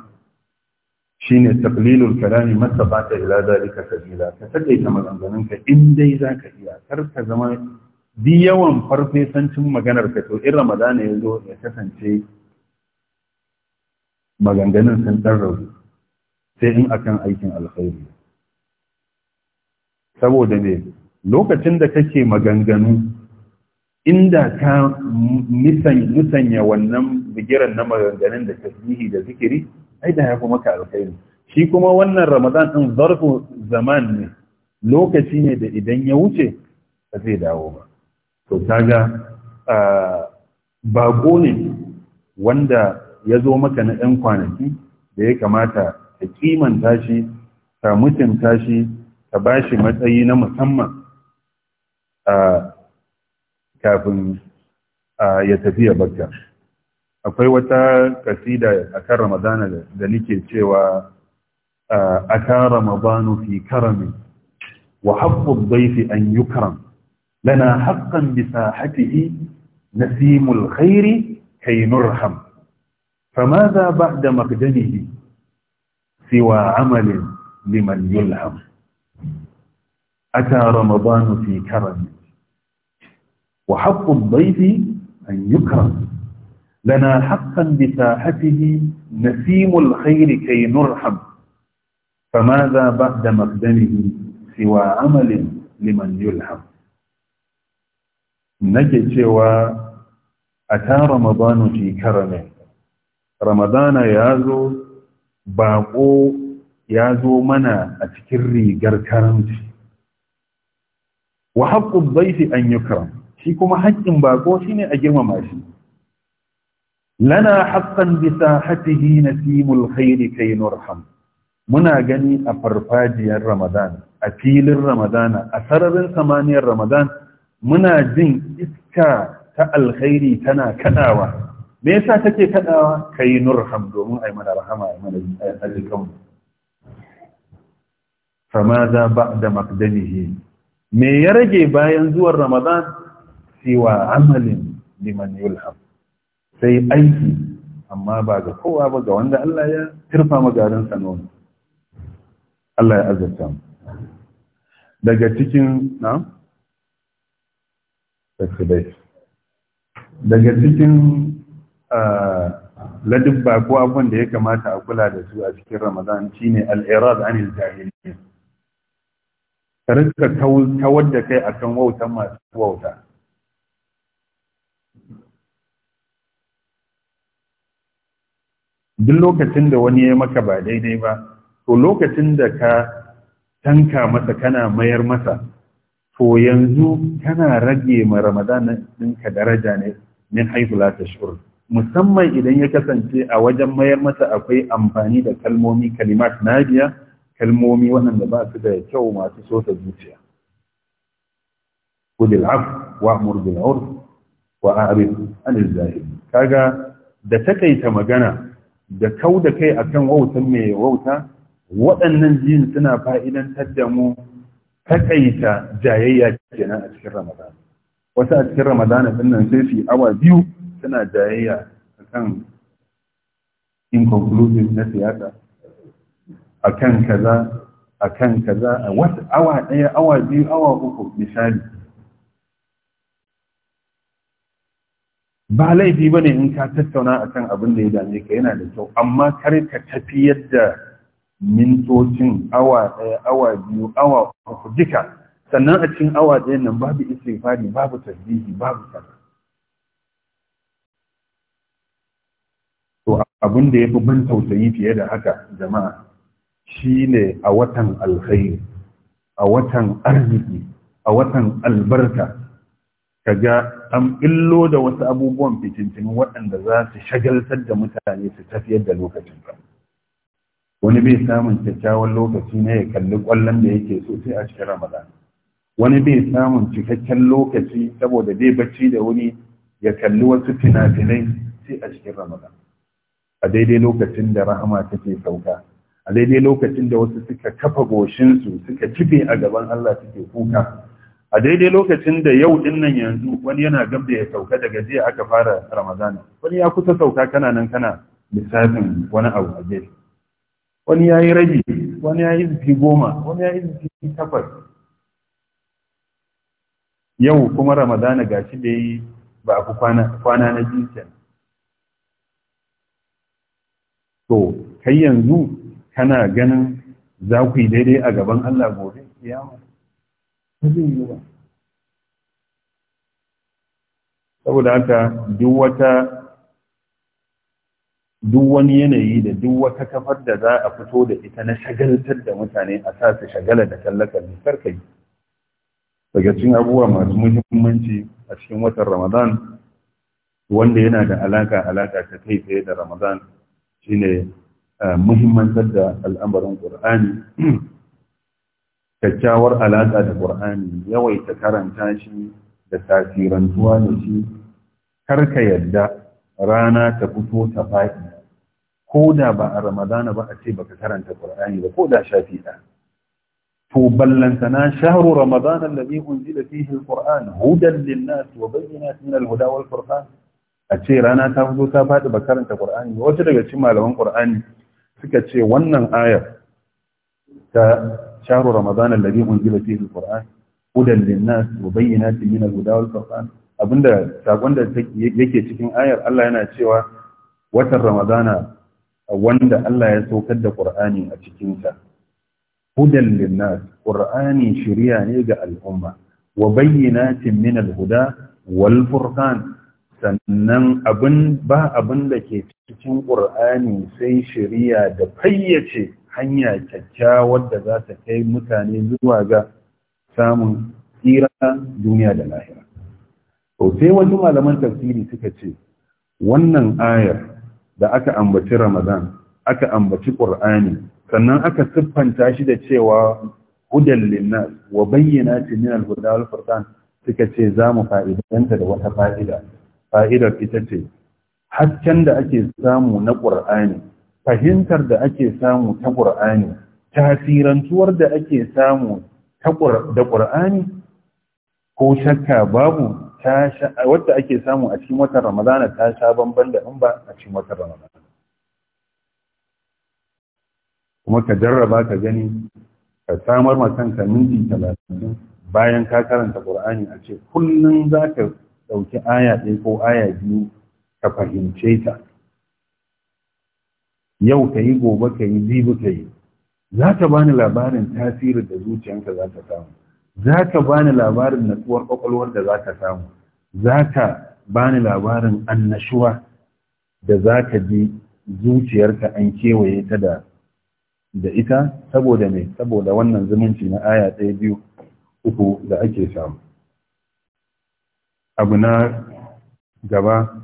shine taqlilul kalami ta ila zalika kabila. ka takaita maganganun ka in dai zaka iya kar ka zama Bi yawan farfesancin maganar ka to in ramadana ya zo ya kasance maganganun sun dan rauni sai in akan aikin alkhairi saboda ne lokacin da kake maganganu inda ka musanya wannan bigiran na maganganun da tasbihi da zikiri ai da ya maka alkhairi shi kuma wannan ramadan din zarfu zaman ne lokaci ne da idan ya wuce ba zai dawo ba to kaga bako ne wanda ya zo maka na 'yan kwanaki da ya kamata ka kimanta shi ka mutunta shi ka ba shi matsayi na musamman kafin ya tafi ya bakka akwai wata kasida a kan ramadana da nake cewa a kan ramadana fi karami wa haƙƙun fi an yi karam. لنا حقا بساحته نسيم الخير كي نرحم فماذا بعد مقدمه سوى عمل لمن يلهم أتى رمضان في كرم وحق الضيف أن يكرم لنا حقا بساحته نسيم الخير كي نرحم فماذا بعد مقدمه سوى عمل لمن يلهم nake cewa a ta ramadanu fi ne. ramadana ya zo baƙo ya zo mana a cikin rigar karanci wa haƙƙun baiti an yi karam shi kuma haƙƙin baƙo shi ne a girmama shi lana haƙƙan bisa hatihi na simul kai nurham muna gani a farfajiyar Ramadana, a filin ramadana a sararin samaniyar Ramadana. muna jin iska ta alkhairi tana kadawa me yasa take kadawa kai nurham domin ai mana rahama ai mana alƙawari fama za ba'da maqdamihi me ya rage bayan zuwan ramadan siwa amalin liman yulham sai aiki amma ba ga kowa ba ga wanda Allah ya turfa magarin sanon Allah ya azurta daga cikin na'am daga cikin ladubba ko abin da ya kamata a kula da su a cikin ramadan shine al'irad anil jahiliya ka rika kawar da kai akan wautan masu wauta duk lokacin da wani ya maka ba daidai ba to lokacin da ka tanka masa kana mayar masa to yanzu kana rage ma ramadan ɗinka daraja ne min haihu la tashur musamman idan ya kasance a wajen mayar mata akwai amfani da kalmomi kalimat najiya kalmomi waɗanda ba su da kyau masu ta zuciya kudil af wa amur bil urf wa a'rif anil zahir kaga da takaita magana da kau da kai akan wautan mai wauta waɗannan jin suna fa'idan da mu takaita jayayya kenan a cikin Ramadan wasu a cikin Ramadan din nan sai su awa biyu suna jayayya kan inconclusive na siyasa kan kaza kan kaza a wata awa ɗaya awa biyu awa uku misali ba laifi ba ne in ka tattauna a kan abin da ya dame ka yana da kyau amma kar ka tafi yadda mintocin awa ɗaya awa biyu awa uku duka sannan a cikin awa ɗaya nan babu istighfari babu tasbihi babu sallah to abin da yafi ban tausayi fiye da haka jama'a shine a watan alkhairi a watan arziki a watan albarka kaga an illo da wasu abubuwan fitintinu waɗanda za su shagaltar da mutane su tafiyar da lokacin ba. wani bai samun kyakkyawan lokaci na ya kalli kwallon da yake so sai a cikin ramadan wani bai samun cikakken lokaci saboda bai bacci da wani ya kalli wasu fina-finai sai a cikin ramadan a daidai lokacin da rahama take sauka a daidai lokacin da wasu suka kafa goshinsu suka kife a gaban Allah suke kuka a daidai lokacin da yau din nan yanzu wani yana gab da ya sauka daga jiya aka fara ramadan wani ya kusa sauka kana nan kana lissafin wani abu a gefe wani ya yi rabi wani ya yi zafi goma wani ya yi zafi takwas yau kuma ramadana shi da yi ba a kwana na jinsin to kai yanzu kana ganin za ku yi daidai a gaban Allah gobe yawon ba zai yi ba saboda haka duk wata duk wani yanayi da duk wata kafar da za a fito da ita na shagaltar da mutane a sa su shagala da kalle da karka daga cikin abubuwa masu muhimmanci a cikin watan ramadan wanda yana da alaka alaka ta kai tsaye da ramadan shine eh, muhimmantar da al'amarin qur'ani kyakkyawar alaka da qur'ani yawaita karanta shi da tasirantuwa da shi karka yadda rana ta fito ta faɗi ko da ba a ramadana ba a ce baka karanta qur'ani ba ko da shafi ɗaya to ballantana shahru ramadan alladhi unzila fihi alquran hudan linnas wa bayyinatin min alhuda wal furqan a ce rana ta fito ta faɗi ba karanta qur'ani wata daga cikin malaman qur'ani suka ce wannan ayar ta شهر رمضان الذي أنزل فيه القرآن هدى للناس وبينات من الهدى والفرقان abinda sakon da yake cikin ayar Allah yana cewa watan Ramadana wanda Allah ya saukar da Qur'ani a cikinsa hudan linnas Qur'ani shiriya ne ga al'umma wa bayyinatin min al-huda wal furqan sannan abin ba abin da ke cikin Qur'ani sai shiriya da fayyace hanya kyakkyawar da za ta kai mutane zuwa ga samun tsira duniya da lahira to sai wasu malaman tafsiri suka ce wannan ayar da aka ambaci Ramadan aka ambaci Qur'ani sannan aka siffanta shi da cewa hudal linna, wa bayyinatin min al-huda wal furqan suka ce za mu fa'idanta da wata fa'ida fa'idar ita ce hasken da ake samu na Qur'ani fahimtar da ake samu ta Qur'ani tasirantuwar da ake samu da Qur'ani ko shakka babu wadda ake samu a cikin watan ramadana ta sha bamban da in ba a cikin watan ramadana kuma ka jarraba ka gani ka samar ma kanka minti talatin bayan ka karanta qur'ani a ce kullum za ka ɗauki aya ɗaya ko aya biyu ka fahimce ta yau ka yi gobe ka yi zibu ka yi za ta bani labarin tasirin da zuciyanka za ta samu za ka bani labarin natsuwar ƙwaƙwalwar da za ka samu za ka bani labarin annashuwa da za ka ji zuciyarka an kewaye ta da da ita saboda mai saboda wannan zumunci na aya ɗaya biyu uku da ake samu abu na gaba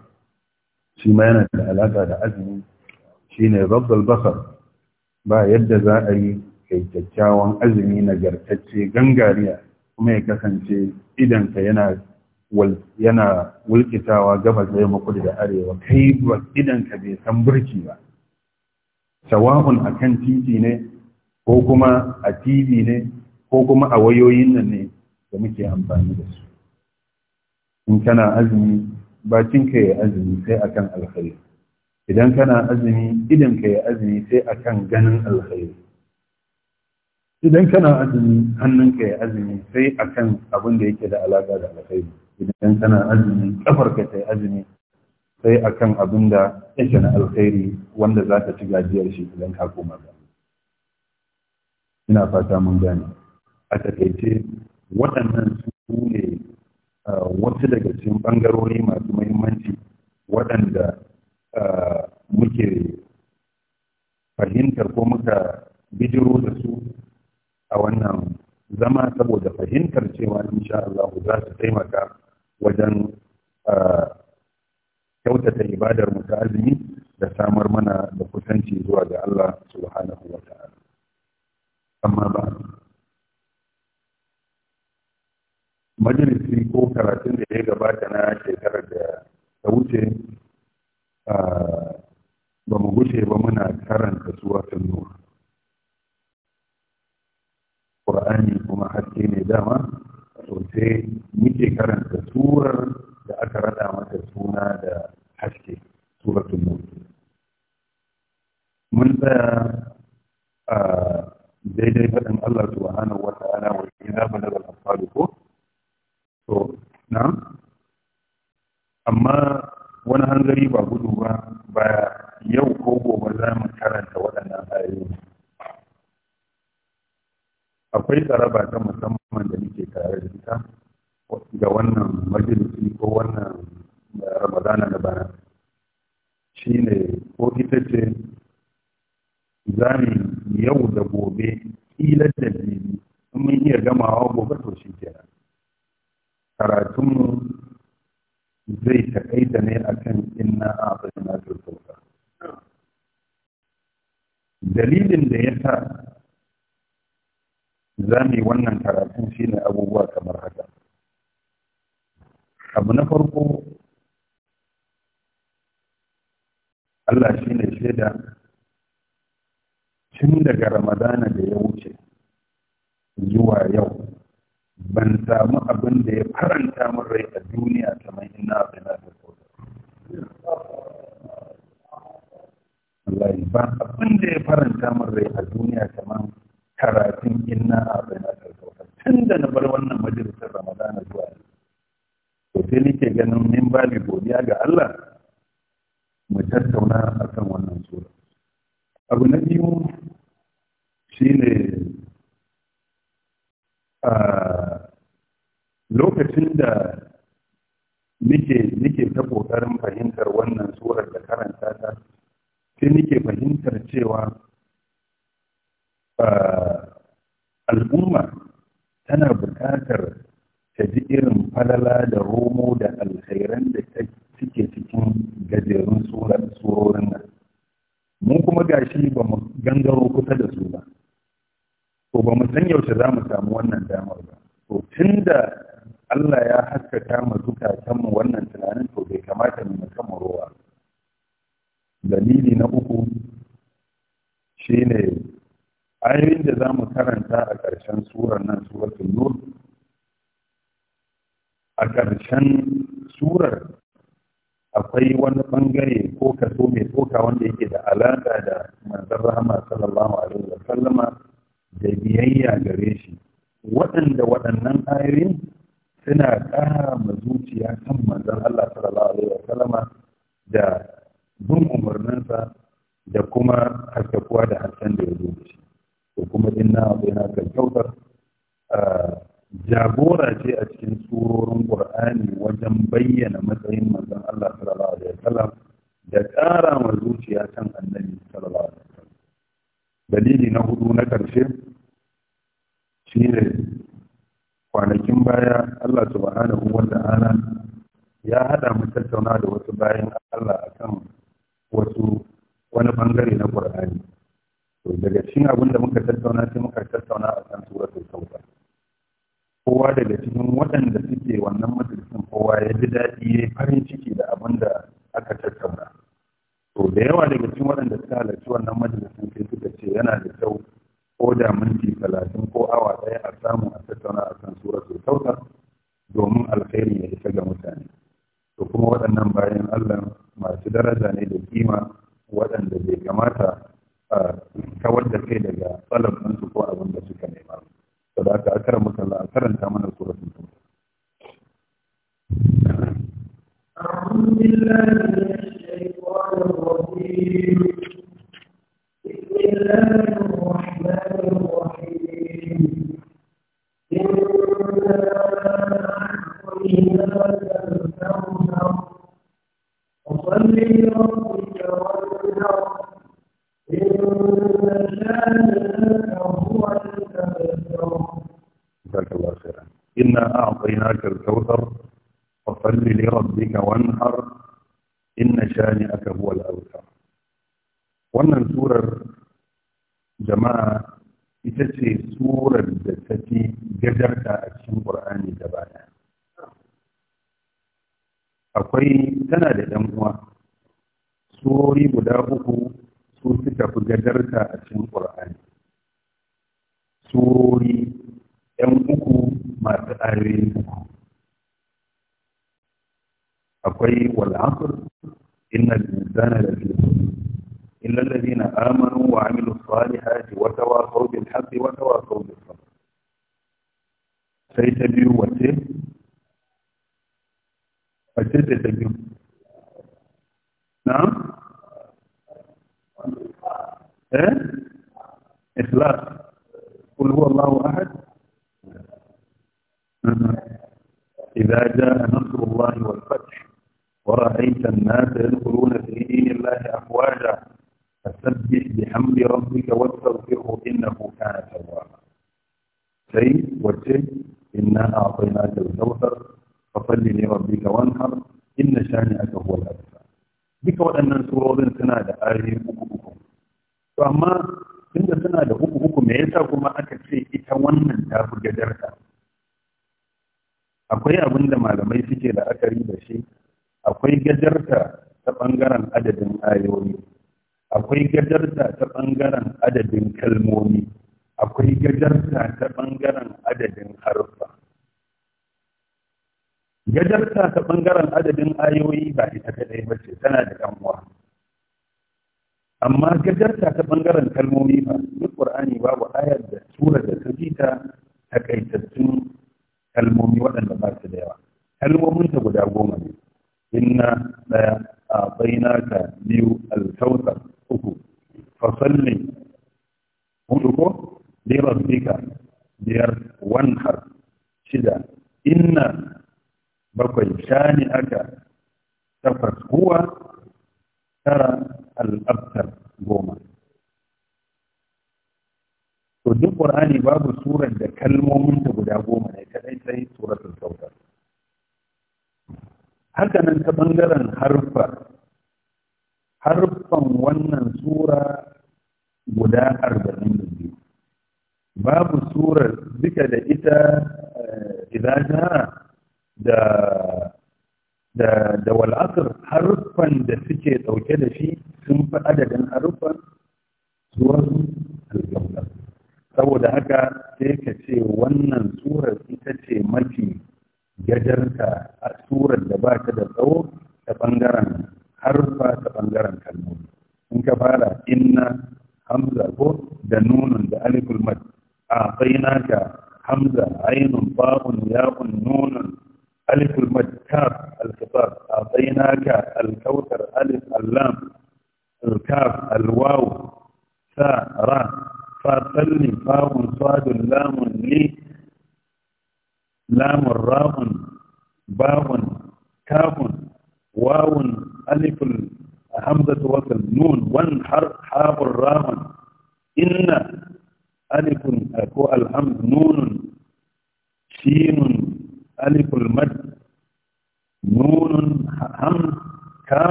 shi ma yana da alaƙa da azumi shi ne rabbal basar ba yadda za a yi kai kyakkyawan azumi nagartacce gangariya kuma ya kasance idanka yana yana wulkitawa gabas da yamma da arewa kai ba idanka bai san burki ba sawa'un akan titi ne ko kuma a tv ne ko kuma a wayoyin nan ne da muke amfani da su in kana azumi bakin ka ya azumi sai akan alkhairi idan kana azumi idan ka ya azumi sai akan ganin alkhairi idan kana azumi hannunka ya azumi sai a kan abin da yake da alaƙa da alkhairi idan kana azumi kafarka ta azumi sai a kan abin da yake na alkhairi wanda za ta ci gajiyar shi idan ka koma ga ina fata mun gane a takaice waɗannan su ne wasu daga cikin ɓangarori masu muhimmanci waɗanda muke fahimtar ko muka bijiro da su a wannan zama saboda fahimtar cewa insha Allah za su taimaka wajen kyautata ibadar mu ta azumi da samar mana da kusanci zuwa ga Allah subhanahu wa ta'ala amma ba majalisi ko karatun da ya gabata na shekarar da ta wuce ba mu gushe ba muna karanta suwa nuna ƙur'ani kuma haske ne dama sosai muke karanta turar da aka rada mata suna da haske suratul mulk mun tsaya a daidai faɗin Allah subhanahu wata ta'ala wa idza balaga al ko to na amma wani hanzari ba gudu ba ba yau ko gobe za mu karanta waɗannan ayoyi akwai tsaraba ta musamman da muke tare da ita ga wannan majalisi ko wannan eh, ramadana na bana shi ne ko ita ce za mu yau da gobe kila da bibi in mun iya gamawa gobe to shi kenan karatunmu zai taƙaita ne akan inna a bayyana dalilin da ya sa za mu yi wannan karatun shine abubuwa kamar haka abu na farko Allah shi ne shaida tun daga ramadana da ya wuce zuwa yau ban samu abin da ya faranta min rai a duniya kamar ina ina da kowa Allah ba abin da ya faranta min rai a duniya kamar karatun inna a bayan alkawar tun da na bar wannan majalisar ramadana zuwa ne to sai nake ganin min babi godiya ga Allah mu tattauna a kan wannan sura abu na biyu shi ne a lokacin da nike ta ƙoƙarin fahimtar wannan surar da karanta ta sai nike fahimtar cewa madala da romo to da yawa daga cikin waɗanda suka halarci wannan majalisun sai suka ce yana da kyau ko da minti talatin ko awa ɗaya a samu a tattauna a kan su kautsar domin alkhairi ya isa ga mutane to kuma waɗannan bayan allah masu daraja ne da kima waɗanda bai kamata a kawar da kai daga tsalabinsu ko abin da suka nema to da aka akara musalla a karanta mana suratul kautsar أعوذ بسم الله الله الرحمن الرحيم إن وصل لربك جزاك خيرا إنا أعطيناك الكوثر sha ne aka huwa al'abu أرأيت الناس يدخلون في دين الله أفواجا فسبح بحمد ربك واستغفره إنه كان توابا شيء وشيء إنا أعطيناك الكوثر فصل لربك وانحر إن شانئك هو الأبتر بك وأن سورة سنة آية أكبكم فأما إن سنة أكبكم يسا كما شيء إتوانا تأخذ جدرتا أقول يا da malamai suke la'akari da شيء akwai gajarta ta ɓangaren adadin ayoyi akwai gajarta ta ɓangaren adadin kalmomi akwai gajarta ta ɓangaren adadin harfa gajarta ta ɓangaren adadin ayoyi ba ita kadai ba ce tana da ɗanwa amma gajarta ta ɓangaren kalmomi ba duk ƙur'ani babu ayar da tura da ta ta takaitattun kalmomi waɗanda ba su da yawa kalmomin ta guda goma ne inna daya a ka biyu alkautar uku fasalli hudu ko bika biyar wanhar shida inna bakwai shani aka takwas huwa tara al'abtar goma to duk ƙur'ani babu surar da kalmominta guda goma ne kadai sai suratul sautar. haka nan ta ɓangaren harfa harfan wannan sura guda arba'in da biyu babu sura duka da ita eh, idana da da da wal'asar harfan da suke ɗauke da shi sun fi adadin harfan suwar aljamlar saboda haka sai ka ce wannan surar ita ce mafi gajar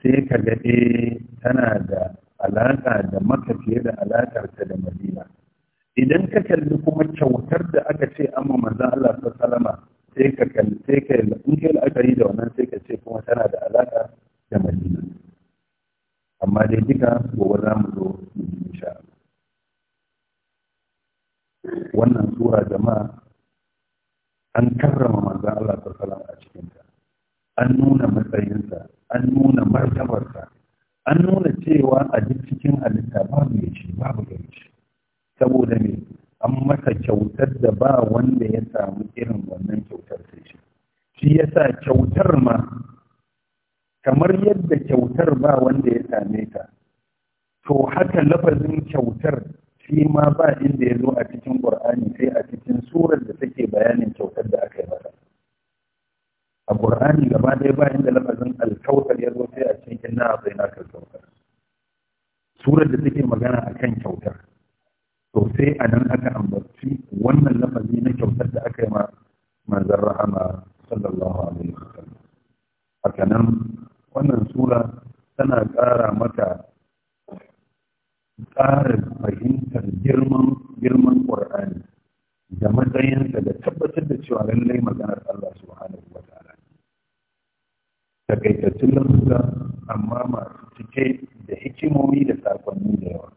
sai ka ga eh, tana da alaƙa da maka fiye da alaƙar da madina idan ka kalli kuma kyautar da aka ce amma maza Allah ta salama sai ka kalli sai ka in kai la'akari da wannan sai ka ce kuma tana da alaƙa da madina amma dai duka gobe za mu zo mu ji insha wannan tura jama'a an karrama maza Allah ta salama a cikinta an nuna matsayinsa an nuna martabarsa an nuna cewa a duk cikin halitta babu ya ce babu ya ce saboda me an masa kyautar da ba wanda ya samu irin wannan kyautar sai shi shi ya sa kyautar ma kamar yadda kyautar ba wanda ya same ta to haka lafazin kyautar shi ma ba inda ya zo a cikin ƙur'ani sai a cikin surar da take bayanin kyautar da aka yi masa a ƙur'ani gaba ɗaya bayan da lafazin alkautar ya zo sai a cikin na na kautar surar da take magana akan kyautar to sai a nan aka ambaci wannan lafazi na kyautar da aka yi ma manzon rahama sallallahu alaihi wasallam haka nan wannan sura tana ƙara maka ƙara fahimtar girman girman ƙur'ani da matsayinsa da tabbatar da cewa lallai maganar Allah subhanahu wa ta'ala takaitattun lafuka amma masu cike da hikimomi da sakonni da yawa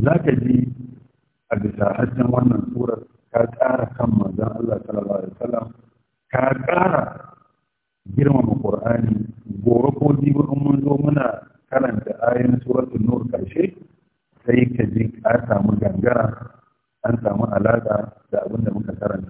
za ka ji a bisa hajjan wannan surar ka ƙara kan manzan Allah sallallahu alaihi wasallam ka ƙara girmama Qur'ani gobe ko jibi in mun zo muna karanta ayoyin suratul nur karshe sai ka ji ka samu gangara an samu alaƙa da abin da muka karanta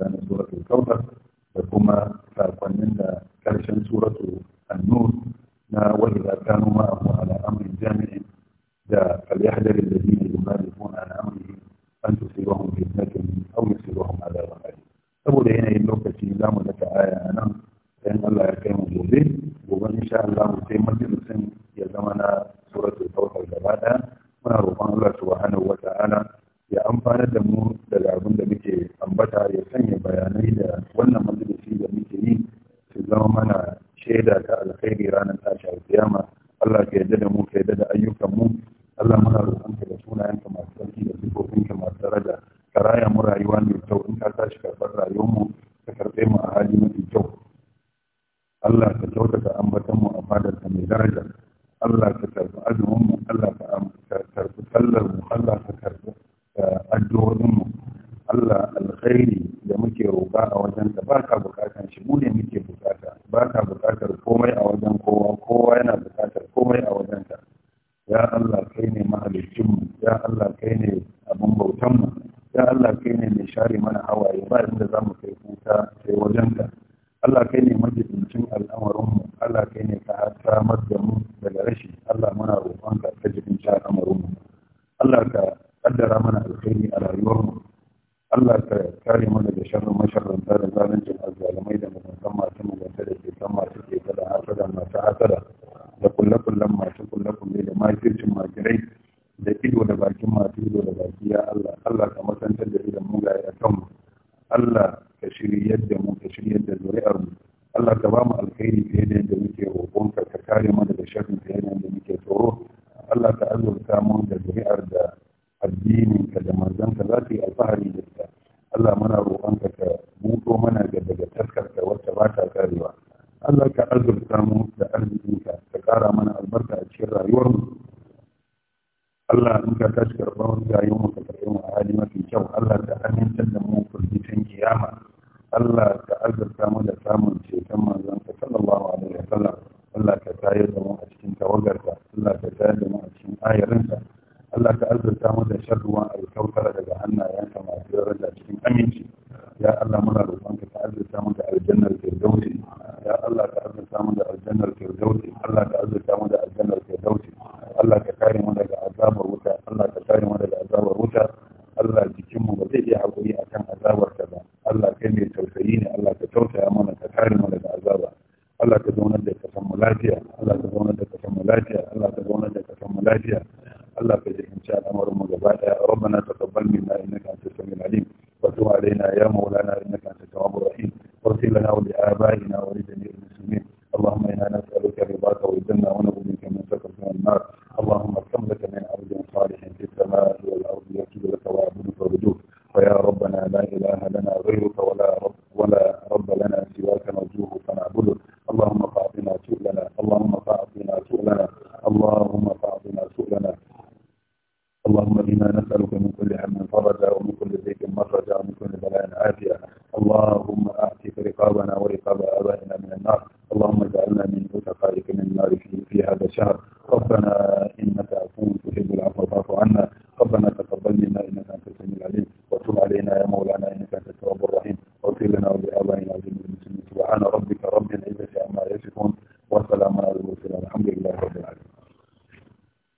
30